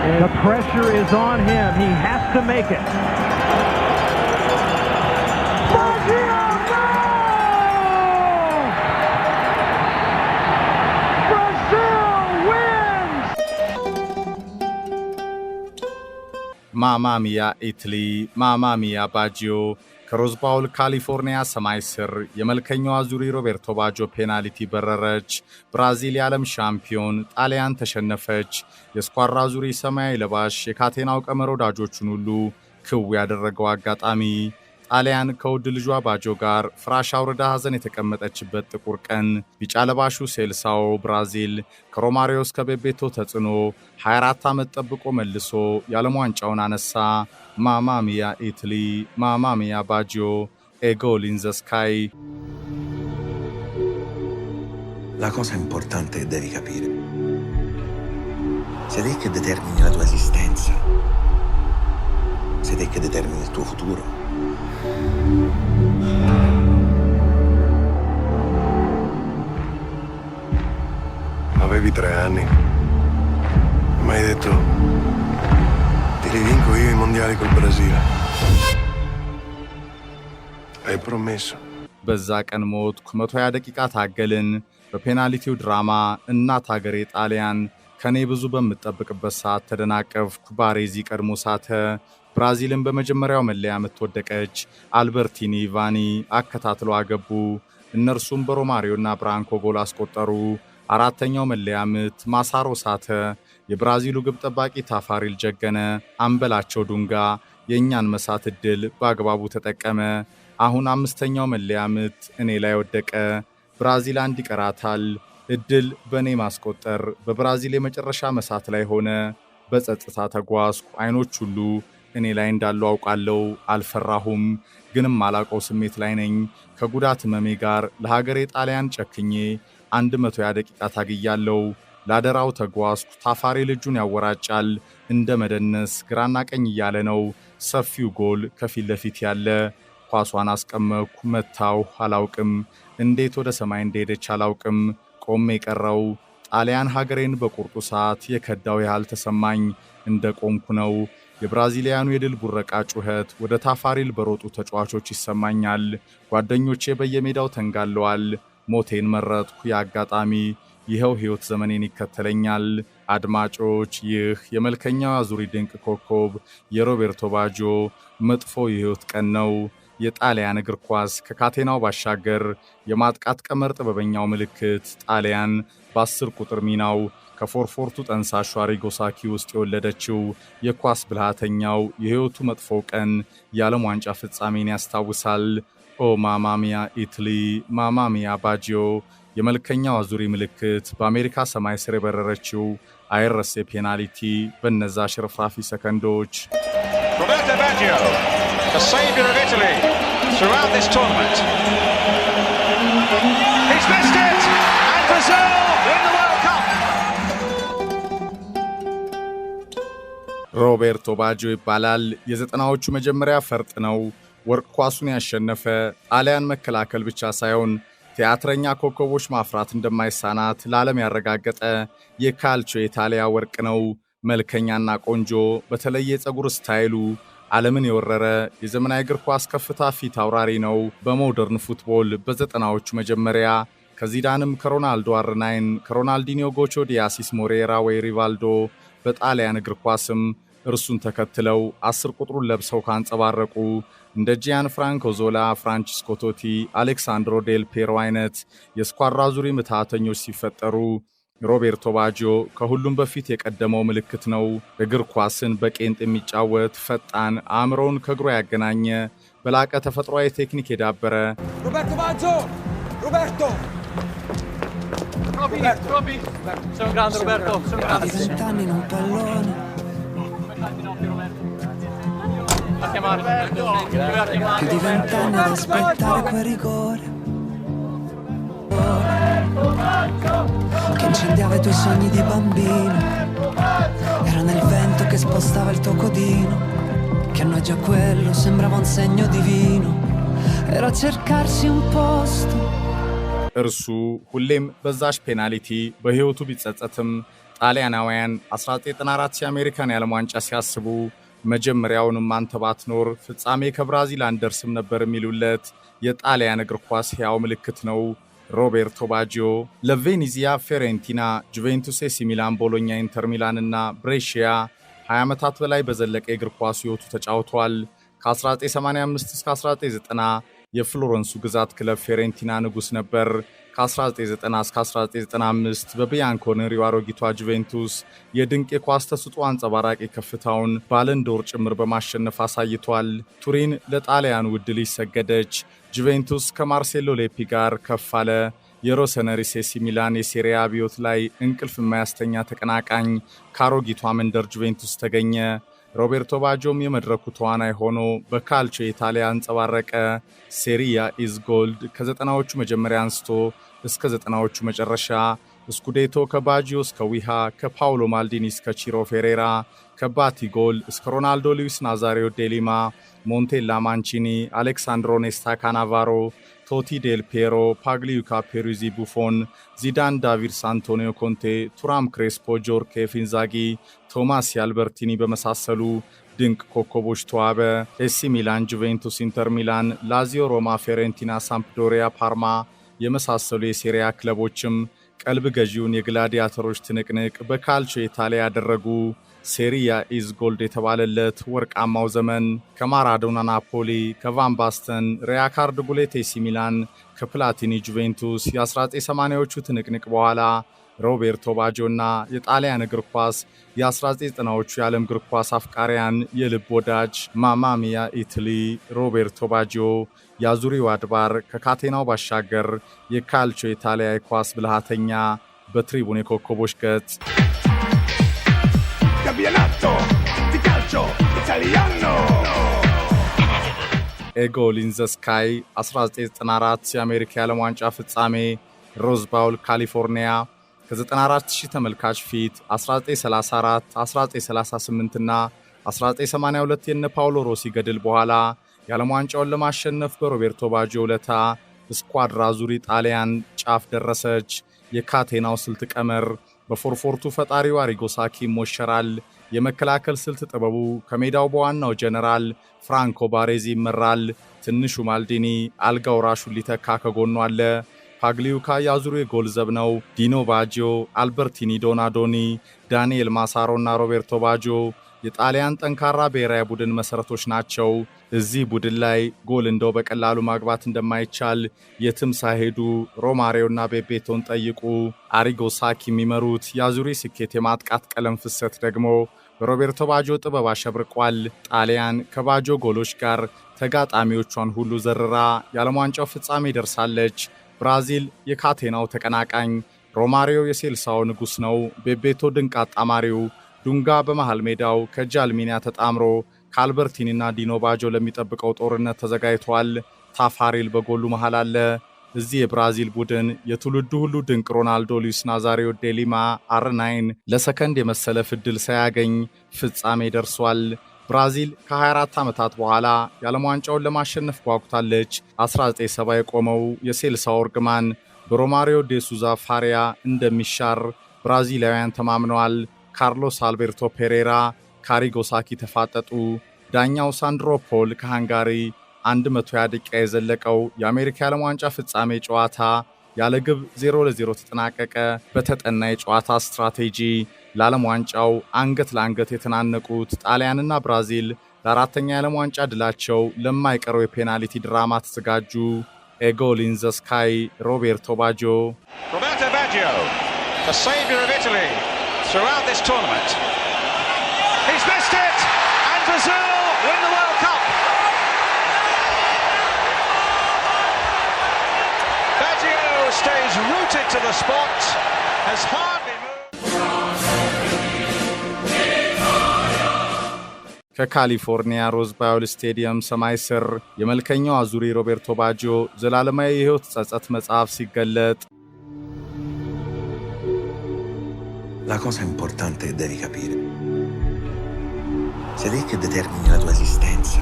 The pressure is on him. He has to make it. Baggio, no! Brazil wins! Mamma mia, Italy. Mamma mia, Baggio. ከሮዝባውል ካሊፎርኒያ ሰማይ ስር የመልከኛዋ ዙሪ ሮቤርቶ ባጆ ፔናልቲ በረረች። ብራዚል የዓለም ሻምፒዮን፣ ጣሊያን ተሸነፈች። የስኳራ ዙሪ ሰማያዊ ለባሽ የካቴናው ቀመር ወዳጆቹን ሁሉ ክው ያደረገው አጋጣሚ ጣሊያን ከውድ ልጇ ባጆ ጋር ፍራሽ አውርዳ ሐዘን የተቀመጠችበት ጥቁር ቀን ቢጫ ለባሹ ሴልሳው ብራዚል ከሮማሪዮስ ከቤቤቶ ተጽዕኖ 24 ዓመት ጠብቆ መልሶ የዓለም ዋንጫውን አነሳ። Mamma mia Italy, mamma mia Baggio, e goal in the sky. La cosa importante che devi capire, sei te che determini la tua esistenza, sei te che determini il tuo futuro. Avevi tre anni, mi hai detto mondiali col Brasile. Hai promesso. በዛ ቀን ሞትኩ፣ መቶ ሃያ ደቂቃ ታገልን። በፔናልቲው ድራማ እናት አገሬ ጣሊያን ከኔ ብዙ በምጠብቅበት ሰዓት ተደናቀፍኩ። ባሬዚ ቀድሞ ሳተ። ብራዚልን በመጀመሪያው መለያ ምት ወደቀች። አልበርቲኒ ቫኒ አከታትለው አገቡ። እነርሱም በሮማሪዮና ብራንኮ ጎል አስቆጠሩ። አራተኛው መለያ ምት ማሳሮ ሳተ። የብራዚሉ ግብ ጠባቂ ታፋሪል ጀገነ፣ አምበላቸው ዱንጋ የእኛን መሳት ዕድል በአግባቡ ተጠቀመ። አሁን አምስተኛው መለያ ምት እኔ ላይ ወደቀ። ብራዚል አንድ ይቀራታል። እድል በእኔ ማስቆጠር በብራዚል የመጨረሻ መሳት ላይ ሆነ። በጸጥታ ተጓዝኩ። አይኖች ሁሉ እኔ ላይ እንዳሉ አውቃለሁ። አልፈራሁም፣ ግንም አላውቀው ስሜት ላይ ነኝ። ከጉዳት መሜ ጋር ለሀገሬ ጣሊያን ጨክኜ 120 ደቂቃ ታግያለሁ። ላደራው ተጓዝኩ። ታፋሬ ልጁን ያወራጫል እንደ መደነስ ግራና ቀኝ እያለ ነው። ሰፊው ጎል ከፊት ለፊት ያለ ኳሷን አስቀመኩ፣ መታው። አላውቅም እንዴት ወደ ሰማይ እንደሄደች አላውቅም። ቆሜ የቀረው ጣሊያን ሀገሬን በቁርጡ ሰዓት የከዳው ያህል ተሰማኝ። እንደ ቆምኩ ነው። የብራዚሊያኑ የድል ቡረቃ ጩኸት ወደ ታፋሪል በሮጡ ተጫዋቾች ይሰማኛል። ጓደኞቼ በየሜዳው ተንጋለዋል። ሞቴን መረጥኩ። የአጋጣሚ ይኸው ሕይወት ዘመኔን ይከተለኛል። አድማጮች፣ ይህ የመልከኛው ዙሪ ድንቅ ኮከብ የሮቤርቶ ባጆ መጥፎ የሕይወት ቀን ነው። የጣሊያን እግር ኳስ ከካቴናው ባሻገር የማጥቃት ቀመር ጥበበኛው ምልክት ጣሊያን በአስር ቁጥር ሚናው ከፎርፎርቱ ጠንሳሿ ሪጎ ሳኪ ውስጥ የወለደችው የኳስ ብልሃተኛው የሕይወቱ መጥፎ ቀን የዓለም ዋንጫ ፍጻሜን ያስታውሳል። ኦ ማማሚያ ኢትሊ፣ ማማሚያ ባጂዮ የመልከኛው አዙሪ ምልክት፣ በአሜሪካ ሰማይ ስር የበረረችው አይረሴ ፔናልቲ በነዛ ሽርፍራፊ ሰከንዶች ሮቤርቶ ባጆ ይባላል። የዘጠናዎቹ መጀመሪያ ፈርጥ ነው። ወርቅ ኳሱን ያሸነፈ አሊያን መከላከል ብቻ ሳይሆን ቲያትረኛ ኮከቦች ማፍራት እንደማይሳናት ለዓለም ያረጋገጠ የካልቾ የኢታሊያ ወርቅ ነው። መልከኛና ቆንጆ፣ በተለየ የፀጉር ስታይሉ ዓለምን የወረረ የዘመናዊ እግር ኳስ ከፍታ ፊት አውራሪ ነው። በሞደርን ፉትቦል በዘጠናዎቹ መጀመሪያ ከዚዳንም ከሮናልዶ አርናይን ከሮናልዲኒዮ ጎቾ ዲያሲስ ሞሬራ ወይ ሪቫልዶ በጣሊያን እግር ኳስም እርሱን ተከትለው አስር ቁጥሩን ለብሰው ካንጸባረቁ እንደ ጂያን ፍራንኮ ዞላ፣ ፍራንቺስኮ ቶቲ፣ አሌክሳንድሮ ዴል ፔሮ አይነት የስኳራ ዙሪ ምትሃተኞች ሲፈጠሩ ሮቤርቶ ባጂዮ ከሁሉም በፊት የቀደመው ምልክት ነው። እግር ኳስን በቄንጥ የሚጫወት ፈጣን፣ አእምሮውን ከእግሮ ያገናኘ በላቀ ተፈጥሯዊ ቴክኒክ የዳበረ ሮቤርቶ ባጂዮ ሮቤርቶ a chiamare. Più di vent'anni ad aspettare quel rigore. Che incendiava i tuoi sogni di bambino. Era nel vento che spostava il tuo codino. Che a noi già quello sembrava un segno divino. Era cercarsi un posto. እርሱ ሁሌም በዛሽ ፔናልቲ በሕይወቱ ቢጸጸትም ጣሊያናውያን 1994 የአሜሪካን የዓለም ዋንጫ ሲያስቡ መጀመሪያውንም አንተ ባትኖር ፍጻሜ ከብራዚል አንደርስም ነበር የሚሉለት የጣሊያን እግር ኳስ ሕያው ምልክት ነው። ሮቤርቶ ባጂዮ ለቬኒዚያ፣ ፌሬንቲና፣ ጁቬንቱስ፣ ኤሲ ሚላን፣ ቦሎኛ፣ ኢንተር ሚላን እና ብሬሺያ 20 ዓመታት በላይ በዘለቀ የእግር ኳስ ሕይወቱ ተጫውቷል። ከ1985 እስከ 1990 የፍሎረንሱ ግዛት ክለብ ፌሬንቲና ንጉሥ ነበር። ከ1990 እስከ 1995 በቢያንኮ አሮጊቷ ጁቬንቱስ የድንቅ የኳስ ተስጦ አንጸባራቂ ከፍታውን ባለንዶር ጭምር በማሸነፍ አሳይቷል። ቱሪን ለጣሊያን ውድ ልጅ ሰገደች። ጁቬንቱስ ከማርሴሎ ሌፒ ጋር ከፍ አለ። የሮሰነሪ ሚላን የሴሪያ አብዮት ላይ እንቅልፍ የማያስተኛ ተቀናቃኝ ከአሮጊቷ መንደር ጁቬንቱስ ተገኘ። ሮቤርቶ ባጆም የመድረኩ ተዋናይ ሆኖ በካልቾ ኢታሊያ አንጸባረቀ። ሴሪያ ኢዝ ጎልድ ከዘጠናዎቹ መጀመሪያ አንስቶ እስከ ዘጠናዎቹ መጨረሻ ስኩዴቶ ከባጂዮ እስከ ዊሃ፣ ከፓውሎ ማልዲኒ እስከ ቺሮ ፌሬራ፣ ጎል እስከ ሮናልዶ ሉዊስ ናዛሪዮ ዴሊማ፣ ሞንቴላ ማንቺኒ፣ አሌክሳንድሮ ኔስታ ካናቫሮ ቶቲ ዴል ፔሮ፣ ፓግሊዩካ፣ ፔሩዚ፣ ቡፎን፣ ዚዳን፣ ዳቪድ ሳንቶኒዮ፣ ኮንቴ፣ ቱራም፣ ክሬስፖ፣ ጆርኬ፣ ፊንዛጊ፣ ቶማስ አልበርቲኒ በመሳሰሉ ድንቅ ኮከቦች ተዋበ። ኤሲ ሚላን፣ ጁቬንቱስ፣ ኢንተር ሚላን፣ ላዚዮ፣ ሮማ፣ ፌሬንቲና፣ ሳምፕዶሪያ፣ ፓርማ የመሳሰሉ የሴሪያ ክለቦችም ቀልብ ገዢውን የግላዲያተሮች ትንቅንቅ በካልቾ ኢታሊያ ያደረጉ ሴሪያ ኢዝ ጎልድ የተባለለት ወርቃማው ዘመን ከማራዶና ናፖሊ፣ ከቫንባስተን ሪያካርድ ጉሌቴሲ ሚላን፣ ከፕላቲኒ ጁቬንቱስ የ1980ዎቹ ትንቅንቅ በኋላ ሮቤርቶ ባጆ እና የጣሊያን እግር ኳስ የ1990ዎቹ የዓለም እግር ኳስ አፍቃሪያን የልብ ወዳጅ ማማሚያ ኢትሊ ሮቤርቶ ባጆ የአዙሪው አድባር ከካቴናው ባሻገር የካልቾ የኢታሊያ የኳስ ብልሃተኛ በትሪቡን የኮከቦች ገጽ ኤጎል ኢን ዘ ስካይ 1994 የአሜሪካ የዓለም ዋንጫ ፍጻሜ ሮዝባውል ካሊፎርኒያ ከ94000 ተመልካች ፊት 1934፣ 1938 ና 1982 የነ ፓውሎ ሮሲ ገድል በኋላ የዓለም ዋንጫውን ለማሸነፍ በሮቤርቶ ባጆ ውለታ ስኳድራ ዙሪ ጣሊያን ጫፍ ደረሰች። የካቴናው ስልት ቀመር በፎርፎርቱ ፈጣሪው አሪጎሳኪ ሳኪ ይሞሸራል። የመከላከል ስልት ጥበቡ ከሜዳው በዋናው ጀነራል ፍራንኮ ባሬዚ ይመራል። ትንሹ ማልዲኒ አልጋ ሊተካ ከጎኑ አለ። ፓግሊዩካ ያዙሩ የጎል ዘብ ነው። ዲኖ ባጂዮ፣ አልበርቲኒ ዶናዶኒ፣ ዳንኤል ማሳሮ እና ሮቤርቶ ባጂዮ የጣሊያን ጠንካራ ብሔራዊ ቡድን መሠረቶች ናቸው። እዚህ ቡድን ላይ ጎል እንደው በቀላሉ ማግባት እንደማይቻል የትም ሳይሄዱ ሮማሪዮና ቤቤቶን ጠይቁ። አሪጎ ሳኪ የሚመሩት የአዙሪ ስኬት የማጥቃት ቀለም ፍሰት ደግሞ በሮቤርቶ ባጆ ጥበብ አሸብርቋል። ጣሊያን ከባጆ ጎሎች ጋር ተጋጣሚዎቿን ሁሉ ዘርራ የዓለም ዋንጫው ፍጻሜ ደርሳለች። ብራዚል የካቴናው ተቀናቃኝ ሮማሪዮ የሴልሳው ንጉሥ ነው። ቤቤቶ ድንቅ አጣማሪው ዱንጋ በመሃል ሜዳው ከጃልሚኒያ ተጣምሮ ከአልበርቲኒና ዲኖባጆ ለሚጠብቀው ጦርነት ተዘጋጅቷል። ታፋሪል በጎሉ መሃል አለ። እዚህ የብራዚል ቡድን የትውልዱ ሁሉ ድንቅ ሮናልዶ ሉዊስ ናዛሪዮ ዴሊማ አርናይን ለሰከንድ የመሰለ ፍድል ሳያገኝ ፍጻሜ ደርሷል። ብራዚል ከ24 ዓመታት በኋላ የዓለም ዋንጫውን ለማሸነፍ ጓጉታለች። 1970 የቆመው የሴልሳው እርግማን በሮማሪዮ ዴሱዛ ፋሪያ እንደሚሻር ብራዚላውያን ተማምነዋል። ካርሎስ አልቤርቶ ፔሬራ ካሪጎሳኪ ተፋጠጡ። ዳኛው ሳንድሮ ፖል ከሃንጋሪ 100 ደቂቃ የዘለቀው የአሜሪካ የዓለም ዋንጫ ፍጻሜ ጨዋታ ያለ ግብ 0 ለ0 ተጠናቀቀ። በተጠና የጨዋታ ስትራቴጂ ለዓለም ዋንጫው አንገት ለአንገት የተናነቁት ጣሊያንና ብራዚል ለአራተኛ የዓለም ዋንጫ ድላቸው ለማይቀረው የፔናልቲ ድራማ ተዘጋጁ። ኤጎል ኢን ዘ ስካይ ሮቤርቶ ባጆ stays rooted to the spot hard ከካሊፎርኒያ ሮዝ ባዮል ስቴዲየም ሰማይ ስር የመልከኛው አዙሪ ሮቤርቶ ባጆ ዘላለማዊ የሕይወት ጸጸት መጽሐፍ ሲገለጥ La cosa importante che devi capire, sei te che determini la tua esistenza,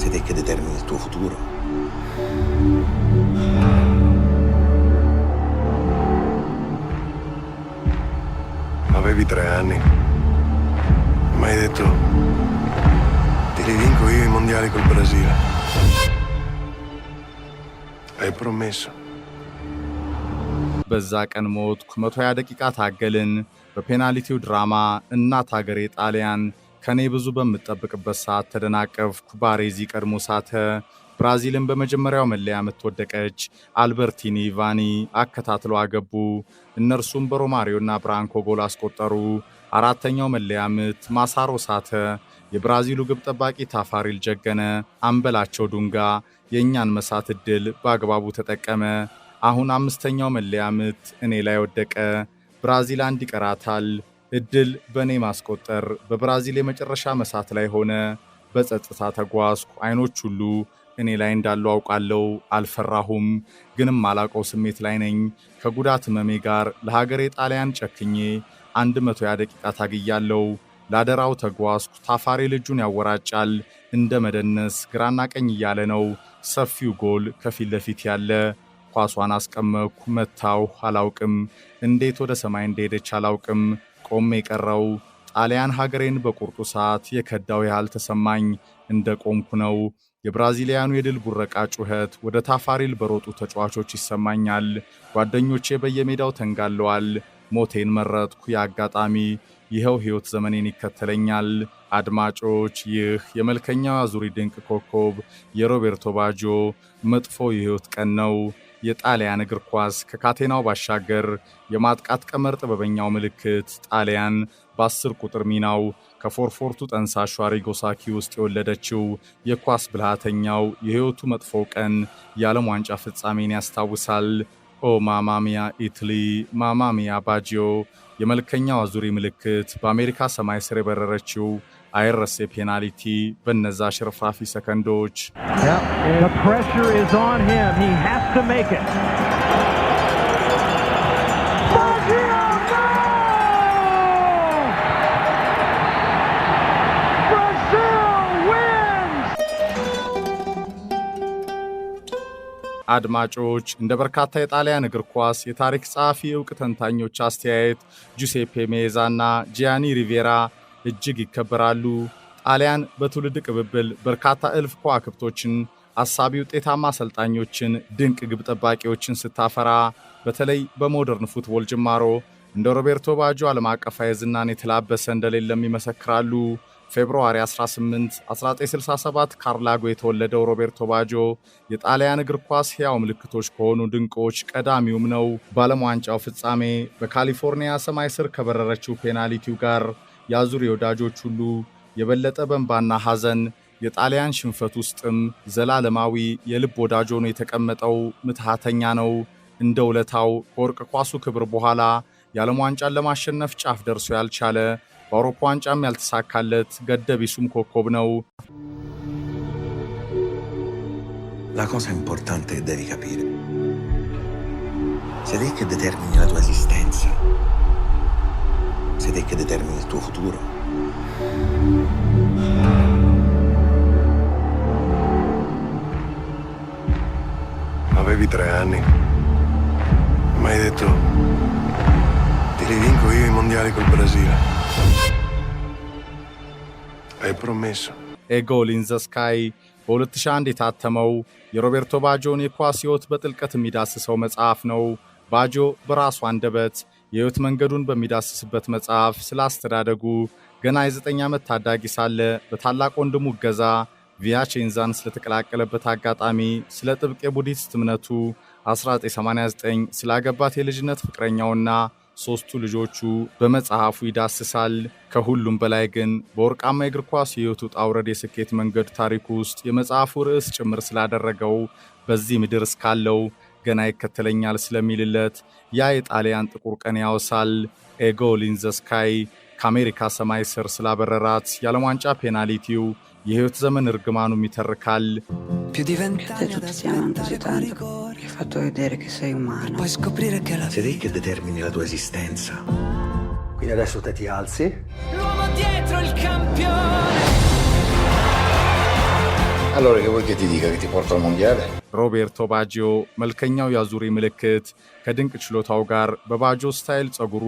sei te che determini il tuo futuro. Avevi tre anni. Mi hai detto, ti rivinco io e i mondiali col Brasile. Hai promesso. በዛ ቀን ሞትኩ፣ 120 ደቂቃ ታገልን። በፔናልቲው ድራማ እናት ሀገሬ ጣሊያን ከኔ ብዙ በምጠብቅበት ሰዓት ተደናቀፍኩ። ባሬዚ ቀድሞ ሳተ። ብራዚልን በመጀመሪያው መለያ ምት ወደቀች። አልበርቲኒ፣ ቫኒ አከታትለው አገቡ። እነርሱም በሮማሪዮና ብራንኮ ጎል አስቆጠሩ። አራተኛው መለያ ምት ማሳሮ ሳተ። የብራዚሉ ግብ ጠባቂ ታፋሪል ጀገነ አንበላቸው ዱንጋ የእኛን መሳት እድል በአግባቡ ተጠቀመ። አሁን አምስተኛው መለያ ምት እኔ ላይ ወደቀ። ብራዚል አንድ ይቀራታል። እድል በእኔ ማስቆጠር በብራዚል የመጨረሻ መሳት ላይ ሆነ። በጸጥታ ተጓዝኩ። አይኖች ሁሉ እኔ ላይ እንዳለው አውቃለው። አልፈራሁም፣ ግንም አላቀው ስሜት ላይ ነኝ። ከጉዳት መሜ ጋር ለሀገሬ ጣሊያን ጨክኜ አንድ መቶ ያ ደቂቃ ታግያለው። ላደራው ተጓዝኩ። ታፋሪ ልጁን ያወራጫል እንደ መደነስ ግራና ቀኝ እያለ ነው። ሰፊው ጎል ከፊት ለፊት ያለ ኳሷን አስቀመኩ፣ መታው። አላውቅም እንዴት ወደ ሰማይ እንደሄደች አላውቅም። ቆሜ የቀረው ጣሊያን ሀገሬን በቁርጡ ሰዓት የከዳው ያህል ተሰማኝ። እንደ ቆምኩ ነው። የብራዚሊያኑ የድል ጉረቃ ጩኸት ወደ ታፋሪል በሮጡ ተጫዋቾች ይሰማኛል። ጓደኞቼ በየሜዳው ተንጋለዋል። ሞቴን መረጥኩ የአጋጣሚ ይኸው ሕይወት ዘመኔን ይከተለኛል። አድማጮች ይህ የመልከኛው ዙሪ ድንቅ ኮከብ የሮቤርቶ ባጆ መጥፎ የሕይወት ቀን ነው። የጣሊያን እግር ኳስ ከካቴናው ባሻገር የማጥቃት ቀመር ጥበበኛው ምልክት ጣሊያን በአስር ቁጥር ሚናው ከፎርፎርቱ ጠንሳሿ ጎሳኪ ሳኪ ውስጥ የወለደችው የኳስ ብልሃተኛው የሕይወቱ መጥፎ ቀን የዓለም ዋንጫ ፍጻሜን ያስታውሳል። ኦ ማማሚያ ኢትሊ ማማሚያ ባጂዮ የመልከኛው አዙሪ ምልክት በአሜሪካ ሰማይ ስር የበረረችው አይረሴ ፔናልቲ በነዛ ሽርፋፊ ሰከንዶች አድማጮች እንደ በርካታ የጣሊያን እግር ኳስ የታሪክ ጸሐፊ እውቅ ተንታኞች አስተያየት ጁሴፔ ሜዛና ጂያኒ ሪቬራ እጅግ ይከበራሉ። ጣሊያን በትውልድ ቅብብል በርካታ እልፍ ከዋክብቶችን፣ አሳቢ ውጤታማ አሰልጣኞችን፣ ድንቅ ግብ ጠባቂዎችን ስታፈራ በተለይ በሞደርን ፉትቦል ጅማሮ እንደ ሮቤርቶ ባጆ ዓለም አቀፋዊ ዝናን የተላበሰ እንደሌለም ይመሰክራሉ። ፌብርዋሪ 18 1967 ካርላጎ የተወለደው ሮቤርቶ ባጆ የጣሊያን እግር ኳስ ሕያው ምልክቶች ከሆኑ ድንቆች ቀዳሚውም ነው። በዓለም ዋንጫው ፍጻሜ በካሊፎርኒያ ሰማይ ስር ከበረረችው ፔናልቲው ጋር የአዙሪ የወዳጆች ሁሉ የበለጠ በንባና ሐዘን የጣሊያን ሽንፈት ውስጥም ዘላለማዊ የልብ ወዳጅ ሆኖ የተቀመጠው ምትሃተኛ ነው። እንደ ውለታው ከወርቅ ኳሱ ክብር በኋላ የዓለም ዋንጫን ለማሸነፍ ጫፍ ደርሶ ያልቻለ በአውሮፓ ዋንጫም ያልተሳካለት ገደቢሱም ኮከብ ነው። La cosa importante che devi capire, sei te che determini la tua esistenza, sei te che determini il tuo futuro. Avevi tre anni, mi hai detto, ti rivinco io i mondiali col Brasile. ኤ ጎል ኢን ዘ ስካይ በ2001 የታተመው የሮቤርቶ ባጆን የኳስ ሕይወት በጥልቀት የሚዳስሰው መጽሐፍ ነው። ባጆ በራሱ አንደበት የሕይወት መንገዱን በሚዳስስበት መጽሐፍ ስላስተዳደጉ ገና የዘጠኝ ዓመት ታዳጊ ሳለ በታላቅ ወንድሙ እገዛ ቪያቼንዛን ስለተቀላቀለበት አጋጣሚ፣ ስለ ጥብቅ የቡዲስት እምነቱ 1989 ስላገባት የልጅነት ፍቅረኛውና ሦስቱ ልጆቹ በመጽሐፉ ይዳስሳል። ከሁሉም በላይ ግን በወርቃማ የእግር ኳስ የሕይወቱ ውጣ ውረድ የስኬት መንገድ ታሪክ ውስጥ የመጽሐፉ ርዕስ ጭምር ስላደረገው በዚህ ምድር እስካለው ገና ይከተለኛል ስለሚልለት ያ የጣሊያን ጥቁር ቀን ያወሳል። ኤጎ ኢን ዘ ስካይ ከአሜሪካ ሰማይ ስር ስላበረራት የዓለም ዋንጫ ፔናልቲው የሕይወት ዘመን እርግማኑም ይተርካል። ti hai fatto vedere che sei umano. E puoi scoprire che la... Sei te che determini la tua esistenza. Quindi adesso te ti alzi. L'uomo dietro il campione! Allora, che vuoi che ti dica che ti porto al mondiale? ሮቤርቶ ባጂዮ መልከኛው ያዙሪ ምልክት ከድንቅ ችሎታው ጋር በባጆ ስታይል ጸጉሩ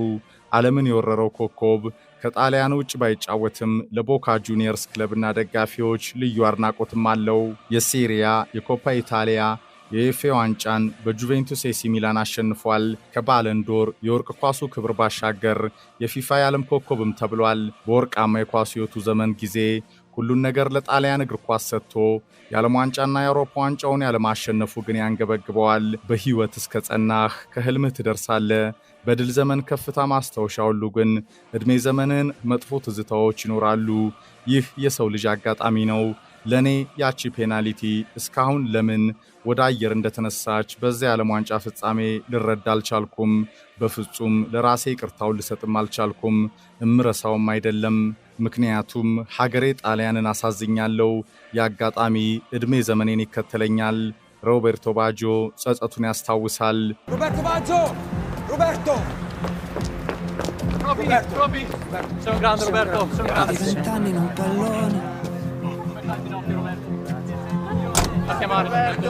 ዓለምን የወረረው ኮከብ ከጣሊያን ውጭ ባይጫወትም ለቦካ ጁኒየርስ ክለብና ደጋፊዎች ልዩ አድናቆትም አለው። የሴሪያ፣ የኮፓ ኢታሊያ የኤፌ ዋንጫን በጁቬንቱስ ኤሲ ሚላን አሸንፏል። ከባለንዶር የወርቅ ኳሱ ክብር ባሻገር የፊፋ የዓለም ኮከብም ተብሏል። በወርቃማ የኳሱ ሕይወቱ ዘመን ጊዜ ሁሉን ነገር ለጣሊያን እግር ኳስ ሰጥቶ የዓለም ዋንጫና የአውሮፓ ዋንጫውን ያለማሸነፉ ግን ያንገበግበዋል። በሕይወት እስከ ጸናህ ከህልምህ ትደርሳለ። በድል ዘመን ከፍታ ማስታወሻ ሁሉ ግን ዕድሜ ዘመንን መጥፎ ትዝታዎች ይኖራሉ። ይህ የሰው ልጅ አጋጣሚ ነው። ለእኔ ያቺ ፔናሊቲ እስካሁን ለምን ወደ አየር እንደተነሳች በዚያ የዓለም ዋንጫ ፍጻሜ ልረዳ አልቻልኩም። በፍጹም ለራሴ ይቅርታውን ልሰጥም አልቻልኩም። እምረሳውም አይደለም። ምክንያቱም ሀገሬ ጣሊያንን አሳዝኛለው። የአጋጣሚ ዕድሜ ዘመኔን ይከተለኛል። ሮቤርቶ ባጆ ጸጸቱን ያስታውሳል። ሮቤርቶ ባጆ ሮቤርቶ a chiamare di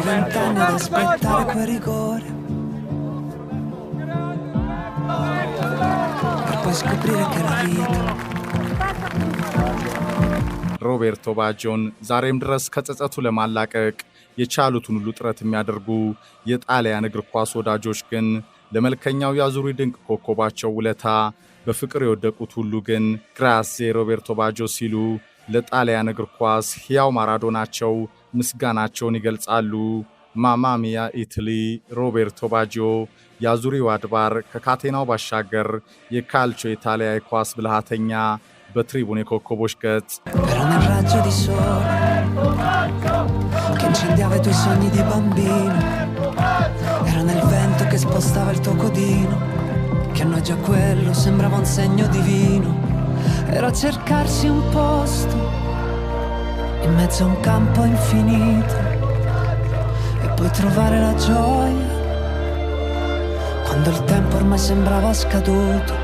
vent'anni ad aspettare quel rigore per poi scoprire che la vita ሮቤርቶ ባጆን ዛሬም ድረስ ከጸጸቱ ለማላቀቅ የቻሉትን ሁሉ ጥረት የሚያደርጉ የጣሊያን እግር ኳስ ወዳጆች ግን ለመልከኛው ያዙሪ ድንቅ ኮከባቸው ውለታ በፍቅር የወደቁት ሁሉ ግን ግራሴ ሮቤርቶ ባጆ ሲሉ ለጣሊያን እግር ኳስ ሕያው ማራዶናቸው ምስጋናቸውን ይገልጻሉ። ማማሚያ ኢትሊ፣ ሮቤርቶ ባጂዮ፣ የአዙሪው አድባር ከካቴናው ባሻገር የካልቾ ኢታሊያ የኳስ ብልሃተኛ በትሪቡን የኮከቦች ገጽ Era nel vento che spostava il tuo codino, che a noi già quello sembrava un segno divino era cercarsi un posto in mezzo a un campo infinito e poi trovare la gioia quando il tempo ormai sembrava scaduto